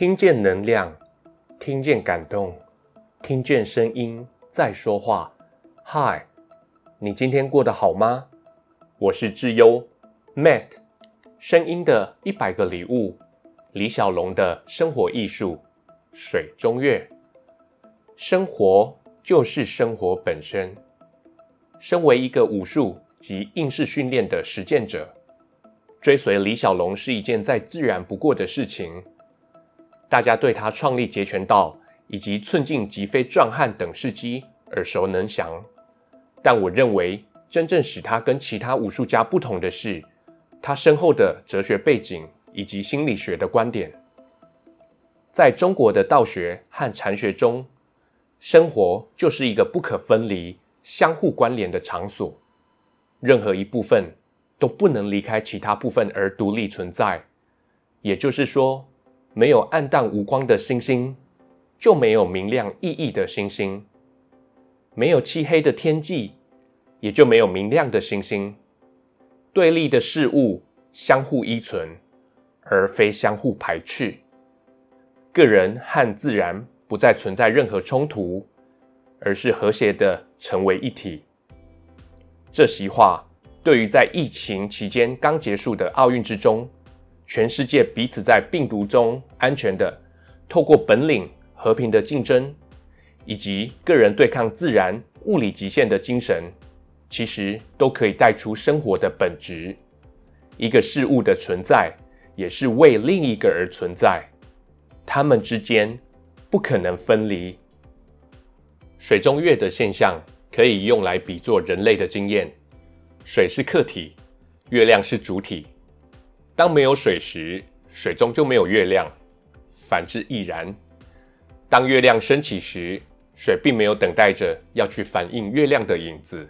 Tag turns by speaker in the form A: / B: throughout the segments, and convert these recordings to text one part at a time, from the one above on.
A: 聽見能量，聽見感動，聽見聲音在說話。嗨，你今天過得好嗎？我是智優，Matt，聲音的一百個禮物，李小龍的生活藝術，水中月。生活就是生活本身。身為一個武術及應試訓練的實踐者，追隨李小龍是一件再自然不過的事情。大家對他創立截拳道以及寸勁擊飛壯漢等事迹耳熟能詳，但我認為真正使他跟其他武術家不同的是，他深厚的哲學背景以及心理學的觀點。在中國的道學和禪學中，生活就是一個不可分離、相互關聯的場所，任何一部分都不能離開其他部分而獨立存在。也就是說。沒有暗淡無光的星星，就沒有明亮熠熠的星星；沒有漆黑的天際，也就沒有明亮的星星。對立的事物相互依存，而非相互排斥。個人和自然不再存在任何衝突，而是和諧的成為一體。這席話對於在疫情期間剛結束的奧運之中。全世界彼此在病毒中安全的，透過本領和平的競爭，以及個人對抗自然物理極限的精神，其實都可以帶出生活的本質。一個事物的存在，也是為另一個而存在，它們之間不可能分離。水中月的現象可以用來比做人類的經驗。水是客體，月亮是主體。當沒有水時，水中就沒有月亮，反之亦然。當月亮升起時，水並沒有等待着要去反映月亮的影子。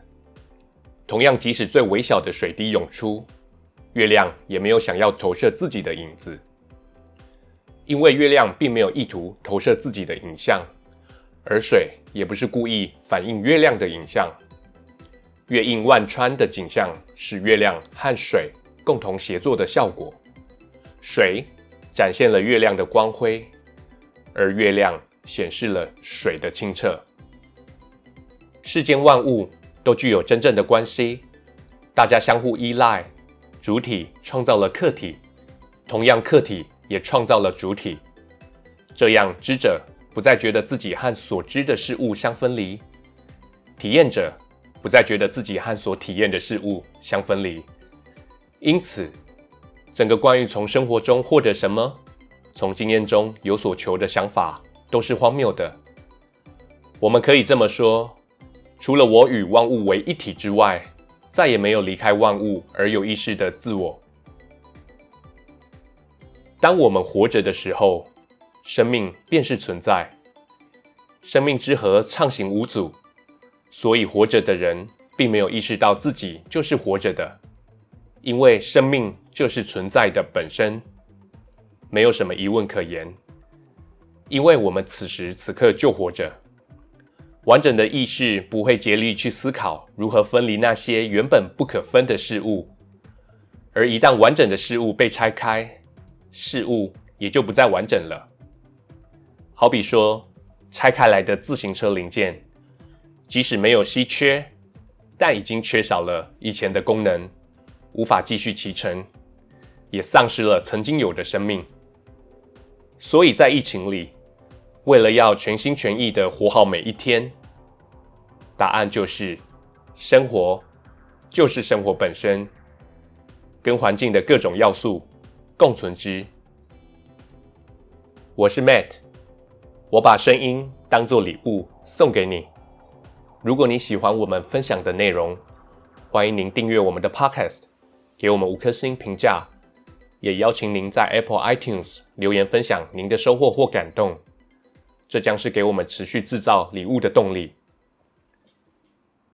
A: 同樣，即使最微小的水滴湧出，月亮也沒有想要投射自己的影子，因為月亮並沒有意圖投射自己的影像，而水也不是故意反映月亮的影像。月映萬川的景象是月亮和水。共同協作的效果，水展現了月亮的光輝，而月亮顯示了水的清澈。世間萬物都具有真正的關係，大家相互依賴，主體創造了客體，同樣客體也創造了主體。這樣知者不再覺得自己和所知的事物相分離，體驗者不再覺得自己和所體驗的事物相分離。因此，整個關於從生活中獲得什麼、從經驗中有所求的想法都是荒謬的。我們可以這麼說：除了我與萬物為一體之外，再也沒有離開萬物而有意識的自我。當我們活着的時候，生命便是存在，生命之河暢行無阻，所以活着的人並沒有意識到自己就是活着的。因為生命就是存在的本身，沒有什麼疑問可言。因為我們此時此刻就活着，完整的意識不會竭力去思考如何分離那些原本不可分的事物。而一旦完整的事物被拆開，事物也就不再完整了。好比說，拆開來的自行車零件，即使沒有稀缺，但已經缺少了以前的功能。無法繼續騎乘，也喪失了曾經有的生命。所以在疫情裡，為了要全心全意地活好每一天，答案就是：生活就是生活本身，跟環境的各種要素共存之。我是 Matt，我把聲音當作禮物送給你。如果你喜歡我們分享的內容，歡迎您訂閱我們的 Podcast。給我們五顆星評價，也邀請您在 Apple iTunes 留言分享您的收穫或感動，這將是給我們持續製造禮物的動力。